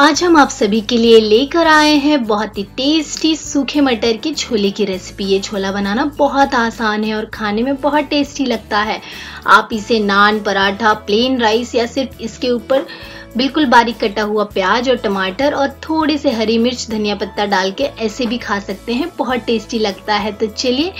आज हम आप सभी के लिए लेकर आए हैं बहुत ही टेस्टी सूखे मटर के छोले की रेसिपी ये छोला बनाना बहुत आसान है और खाने में बहुत टेस्टी लगता है आप इसे नान पराठा प्लेन राइस या सिर्फ इसके ऊपर बिल्कुल बारीक कटा हुआ प्याज और टमाटर और थोड़े से हरी मिर्च धनिया पत्ता डाल के ऐसे भी खा सकते हैं बहुत टेस्टी लगता है तो चलिए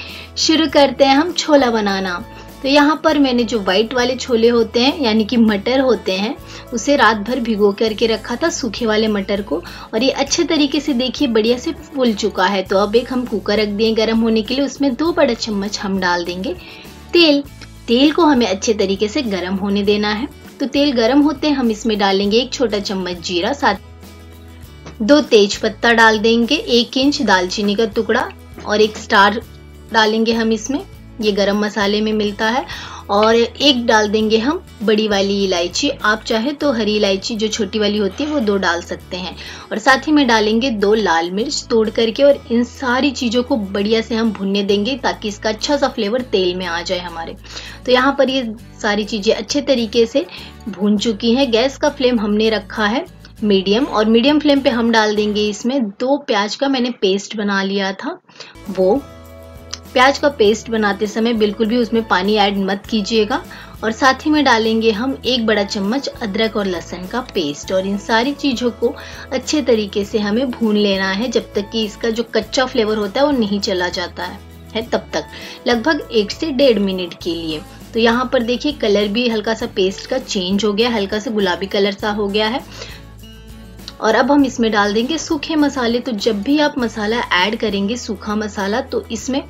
शुरू करते हैं हम छोला बनाना तो यहाँ पर मैंने जो वाइट वाले छोले होते हैं यानी कि मटर होते हैं उसे रात भर भिगो करके रखा था सूखे वाले मटर को और ये अच्छे तरीके से देखिए बढ़िया से फूल चुका है तो अब एक हम कुकर रख दिए गर्म होने के लिए उसमें दो बड़ा चम्मच हम डाल देंगे तेल तेल को हमें अच्छे तरीके से गर्म होने देना है तो तेल गर्म होते हम इसमें डालेंगे एक छोटा चम्मच जीरा साथ दो तेज पत्ता डाल देंगे एक इंच दालचीनी का टुकड़ा और एक स्टार डालेंगे हम इसमें ये गरम मसाले में मिलता है और एक डाल देंगे हम बड़ी वाली इलायची आप चाहे तो हरी इलायची जो छोटी वाली होती है वो दो डाल सकते हैं और साथ ही में डालेंगे दो लाल मिर्च तोड़ करके और इन सारी चीज़ों को बढ़िया से हम भुनने देंगे ताकि इसका अच्छा सा फ्लेवर तेल में आ जाए हमारे तो यहाँ पर ये सारी चीज़ें अच्छे तरीके से भून चुकी हैं गैस का फ्लेम हमने रखा है मीडियम और मीडियम फ्लेम पे हम डाल देंगे इसमें दो प्याज का मैंने पेस्ट बना लिया था वो प्याज का पेस्ट बनाते समय बिल्कुल भी उसमें पानी ऐड मत कीजिएगा और साथ ही में डालेंगे हम एक बड़ा चम्मच अदरक और लहसुन का पेस्ट और इन सारी चीज़ों को अच्छे तरीके से हमें भून लेना है जब तक कि इसका जो कच्चा फ्लेवर होता है वो नहीं चला जाता है है तब तक लगभग एक से डेढ़ मिनट के लिए तो यहाँ पर देखिए कलर भी हल्का सा पेस्ट का चेंज हो गया हल्का सा गुलाबी कलर सा हो गया है और अब हम इसमें डाल देंगे सूखे मसाले तो जब भी आप मसाला ऐड करेंगे सूखा मसाला तो इसमें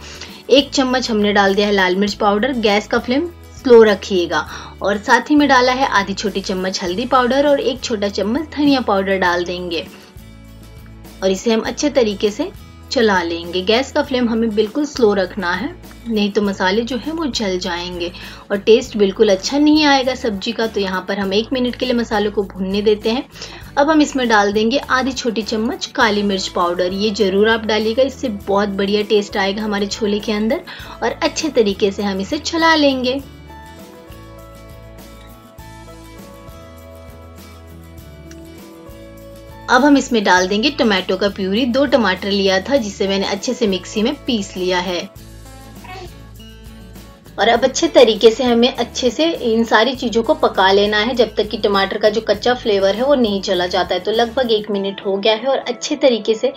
एक चम्मच हमने डाल दिया है लाल मिर्च पाउडर गैस का फ्लेम स्लो रखिएगा और साथ ही में डाला है आधी छोटी चम्मच हल्दी पाउडर और एक छोटा चम्मच धनिया पाउडर डाल देंगे और इसे हम अच्छे तरीके से चला लेंगे गैस का फ्लेम हमें बिल्कुल स्लो रखना है नहीं तो मसाले जो हैं वो जल जाएंगे और टेस्ट बिल्कुल अच्छा नहीं आएगा सब्जी का तो यहाँ पर हम एक मिनट के लिए मसालों को भूनने देते हैं अब हम इसमें डाल देंगे आधी छोटी चम्मच काली मिर्च पाउडर ये ज़रूर आप डालिएगा इससे बहुत बढ़िया टेस्ट आएगा हमारे छोले के अंदर और अच्छे तरीके से हम इसे चला लेंगे अब हम इसमें डाल देंगे टमाटो का प्यूरी दो टमाटर लिया था जिसे मैंने अच्छे से मिक्सी में पीस लिया है और अब अच्छे तरीके से हमें अच्छे से इन सारी चीज़ों को पका लेना है जब तक कि टमाटर का जो कच्चा फ्लेवर है वो नहीं चला जाता है तो लगभग एक मिनट हो गया है और अच्छे तरीके से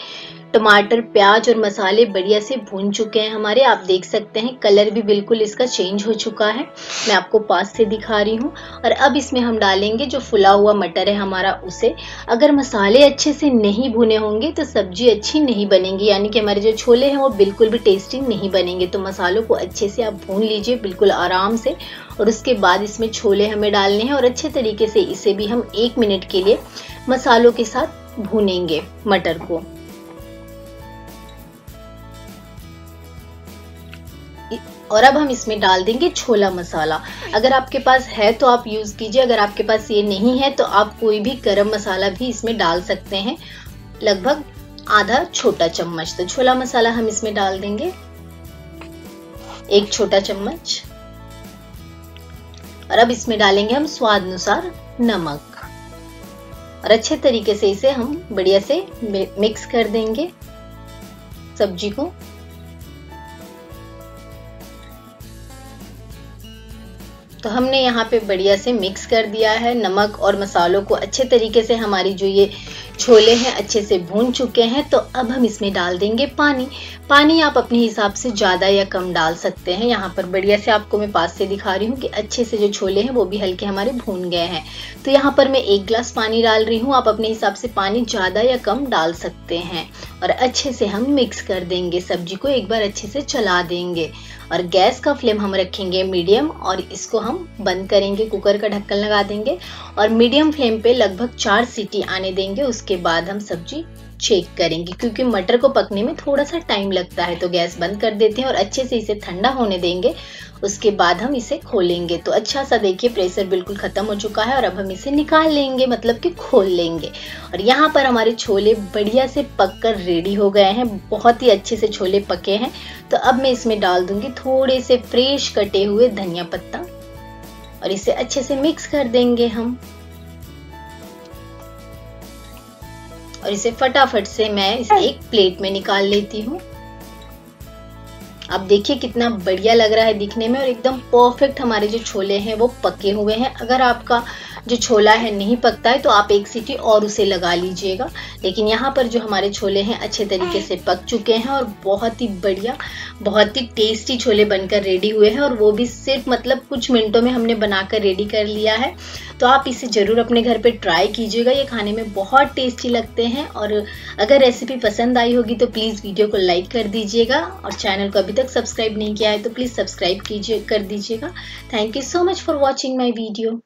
टमाटर प्याज और मसाले बढ़िया से भून चुके हैं हमारे आप देख सकते हैं कलर भी बिल्कुल इसका चेंज हो चुका है मैं आपको पास से दिखा रही हूँ और अब इसमें हम डालेंगे जो फुला हुआ मटर है हमारा उसे अगर मसाले अच्छे से नहीं भुने होंगे तो सब्जी अच्छी नहीं बनेगी यानी कि हमारे जो छोले हैं वो बिल्कुल भी टेस्टी नहीं बनेंगे तो मसालों को अच्छे से आप भून लीजिए बिल्कुल आराम से और उसके बाद इसमें छोले हमें डालने हैं और अच्छे तरीके से इसे भी हम एक मिनट के लिए मसालों के साथ भूनेंगे मटर को और अब हम इसमें डाल देंगे छोला मसाला अगर आपके पास है तो आप यूज़ कीजिए अगर आपके पास ये नहीं है तो आप कोई भी गर्म मसाला भी इसमें डाल सकते हैं लगभग आधा छोटा चम्मच तो छोला मसाला हम इसमें डाल देंगे एक छोटा चम्मच और अब इसमें डालेंगे हम स्वाद अनुसार नमक और अच्छे तरीके से इसे हम बढ़िया से मिक्स कर देंगे सब्जी को तो हमने यहाँ पे बढ़िया से मिक्स कर दिया है नमक और मसालों को अच्छे तरीके से हमारी जो ये छोले हैं अच्छे से भून चुके हैं तो अब हम इसमें डाल देंगे पानी पानी आप अपने हिसाब से ज़्यादा या कम डाल सकते हैं यहाँ पर बढ़िया से आपको मैं पास से दिखा रही हूँ कि अच्छे से जो छोले हैं वो भी हल्के हमारे भून गए हैं तो यहाँ पर मैं एक गिलास पानी डाल रही हूँ आप अपने हिसाब से पानी ज़्यादा या कम डाल सकते हैं और अच्छे से हम मिक्स कर देंगे सब्जी को एक बार अच्छे से चला देंगे और गैस का फ्लेम हम रखेंगे मीडियम और इसको हम हम बंद करेंगे कुकर का ढक्कन लगा देंगे और मीडियम फ्लेम पे लगभग चार सीटी आने देंगे उसके बाद हम सब्जी चेक करेंगे क्योंकि मटर को पकने में थोड़ा सा टाइम लगता है तो गैस बंद कर देते हैं और अच्छे से इसे ठंडा होने देंगे उसके बाद हम इसे खोलेंगे तो अच्छा सा देखिए प्रेशर बिल्कुल ख़त्म हो चुका है और अब हम इसे निकाल लेंगे मतलब कि खोल लेंगे और यहाँ पर हमारे छोले बढ़िया से पक कर रेडी हो गए हैं बहुत ही अच्छे से छोले पके हैं तो अब मैं इसमें डाल दूंगी थोड़े से फ्रेश कटे हुए धनिया पत्ता और इसे अच्छे से मिक्स कर देंगे हम और इसे फटाफट से मैं इसे एक प्लेट में निकाल लेती हूँ आप देखिए कितना बढ़िया लग रहा है दिखने में और एकदम परफेक्ट हमारे जो छोले हैं वो पके हुए हैं अगर आपका जो छोला है नहीं पकता है तो आप एक सीटी और उसे लगा लीजिएगा लेकिन यहाँ पर जो हमारे छोले हैं अच्छे तरीके से पक चुके हैं और बहुत ही बढ़िया बहुत ही टेस्टी छोले बनकर रेडी हुए हैं और वो भी सिर्फ मतलब कुछ मिनटों में हमने बनाकर रेडी कर लिया है तो आप इसे ज़रूर अपने घर पर ट्राई कीजिएगा ये खाने में बहुत टेस्टी लगते हैं और अगर रेसिपी पसंद आई होगी तो प्लीज़ वीडियो को लाइक कर दीजिएगा और चैनल को अभी तक सब्सक्राइब नहीं किया है तो प्लीज़ सब्सक्राइब कीजिए कर दीजिएगा thank you so much for watching my video